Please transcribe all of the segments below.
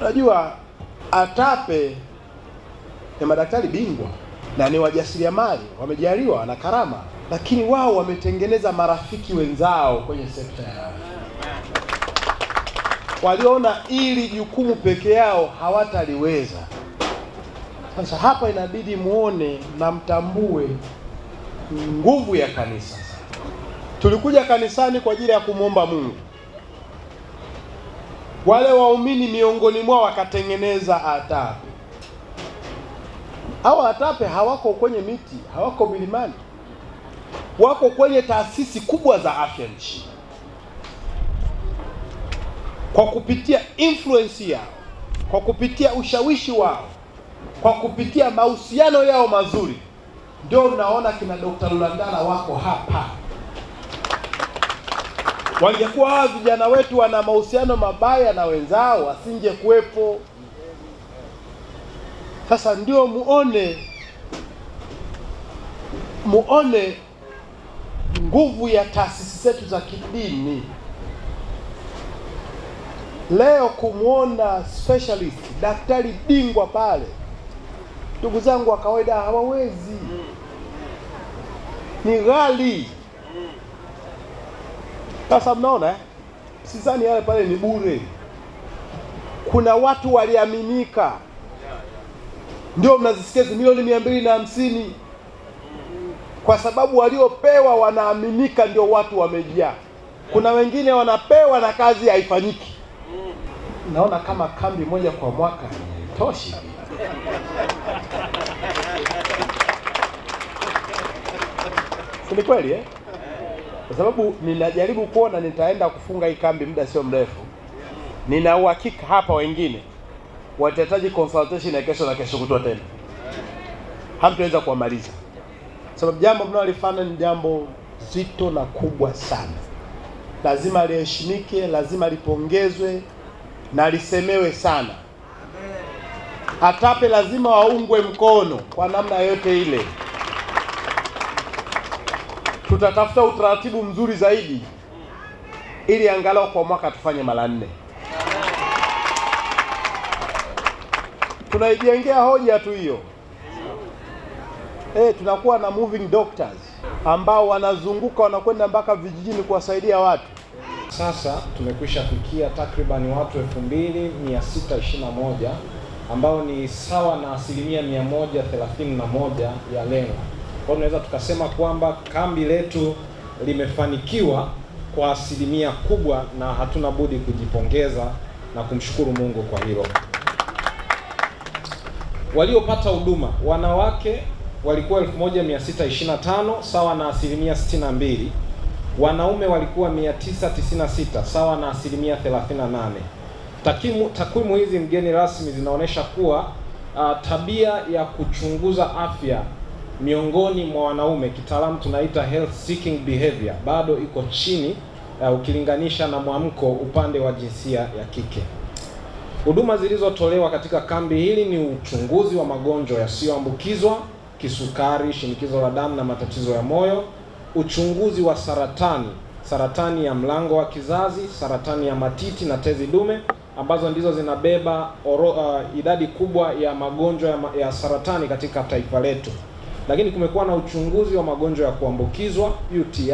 Unajua ATAPE ni madaktari bingwa na ni wajasiriamali wamejaliwa na karama, lakini wao wametengeneza marafiki wenzao kwenye sekta ya walioona ili jukumu peke yao hawataliweza. Sasa hapa inabidi muone na mtambue nguvu ya kanisa. Tulikuja kanisani kwa ajili ya kumwomba Mungu wale waumini miongoni mwao wakatengeneza atape. Hawa atape hawako kwenye miti, hawako milimani, wako kwenye taasisi kubwa za afya nchini, kwa kupitia influence yao, kwa kupitia ushawishi wao, kwa kupitia mahusiano yao mazuri, ndio mnaona kina Dr. Lulandala wako hapa Wangekuwa hawa vijana wetu wana mahusiano mabaya na wenzao, kuwepo Sasa ndio muone, muone nguvu ya taasisi zetu za kidini. Leo kumwona specialist daktari bingwa pale, ndugu zangu wa kawaida hawawezi, ni ghali. Sasa mnaona sidhani yale pale ni bure, kuna watu waliaminika, ndio mnazisikia milioni mia mbili na hamsini kwa sababu waliopewa wanaaminika, ndio watu wamejaa. Kuna wengine wanapewa na kazi haifanyiki. Naona kama kambi moja kwa mwaka haitoshi. Ni kweli eh? kwa sababu ninajaribu kuona nitaenda kufunga hii kambi muda sio mrefu. Nina uhakika hapa wengine watahitaji consultation ya kesho na kesho kutwa tena, hamtaweza kuwamaliza sababu jambo mnalofanya ni jambo zito na kubwa sana, lazima liheshimike, lazima lipongezwe na lisemewe sana. ATAPE lazima waungwe mkono kwa namna yote ile tutatafuta utaratibu mzuri zaidi ili angalau kwa mwaka tufanye mara nne. Tunaijengea hoja tu hiyo. Eh, tunakuwa na moving doctors ambao wanazunguka wanakwenda mpaka vijijini kuwasaidia watu. Sasa tumekwisha fikia takribani watu 2621 ambao ni sawa na asilimia 131 ya lengo. Kwa hiyo tunaweza tukasema kwamba kambi letu limefanikiwa kwa asilimia kubwa, na hatuna budi kujipongeza na kumshukuru Mungu kwa hilo. Waliopata huduma wanawake walikuwa 1625 sawa na asilimia 62, wanaume walikuwa 996 sawa na asilimia 38. Takimu, takwimu hizi mgeni rasmi zinaonyesha kuwa uh, tabia ya kuchunguza afya miongoni mwa wanaume, kitaalamu tunaita health seeking behavior, bado iko chini uh, ukilinganisha na mwamko upande wa jinsia ya kike. Huduma zilizotolewa katika kambi hili ni uchunguzi wa magonjwa yasiyoambukizwa, kisukari, shinikizo la damu na matatizo ya moyo, uchunguzi wa saratani, saratani ya mlango wa kizazi, saratani ya matiti na tezi dume ambazo ndizo zinabeba oro, uh, idadi kubwa ya magonjwa ya, ya saratani katika taifa letu lakini kumekuwa na uchunguzi wa magonjwa ya kuambukizwa UTI,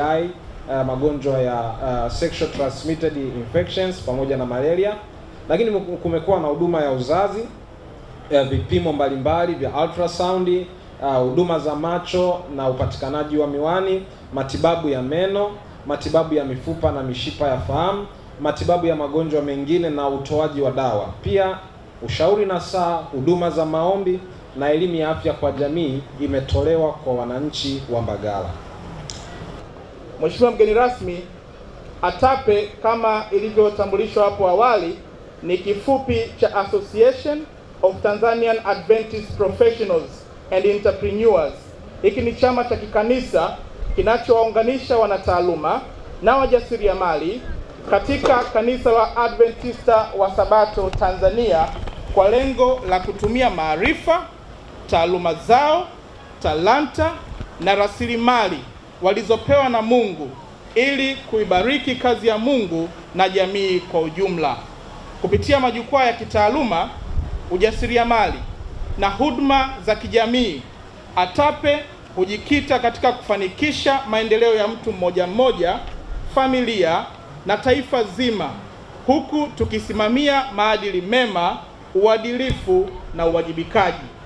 uh, magonjwa ya uh, sexual transmitted infections pamoja na malaria, lakini kumekuwa na huduma ya uzazi uh, vipimo mbalimbali vya ultrasound, uh, huduma uh, za macho na upatikanaji wa miwani, matibabu ya meno, matibabu ya mifupa na mishipa ya fahamu, matibabu ya magonjwa mengine na utoaji wa dawa, pia ushauri na saa, huduma za maombi na elimu ya afya kwa jamii imetolewa kwa wananchi wa Mbagala. Mheshimiwa mgeni rasmi, ATAPE kama ilivyotambulishwa hapo awali ni kifupi cha Association of Tanzanian Adventist Professionals and Entrepreneurs. Hiki ni chama cha kikanisa kinachowaunganisha wanataaluma na wajasiriamali katika kanisa la Adventista wa Sabato Tanzania kwa lengo la kutumia maarifa taaluma zao, talanta na rasilimali walizopewa na Mungu ili kuibariki kazi ya Mungu na jamii kwa ujumla. Kupitia majukwaa ya kitaaluma, ujasiriamali na huduma za kijamii, ATAPE hujikita katika kufanikisha maendeleo ya mtu mmoja mmoja, familia na taifa zima, huku tukisimamia maadili mema, uadilifu na uwajibikaji.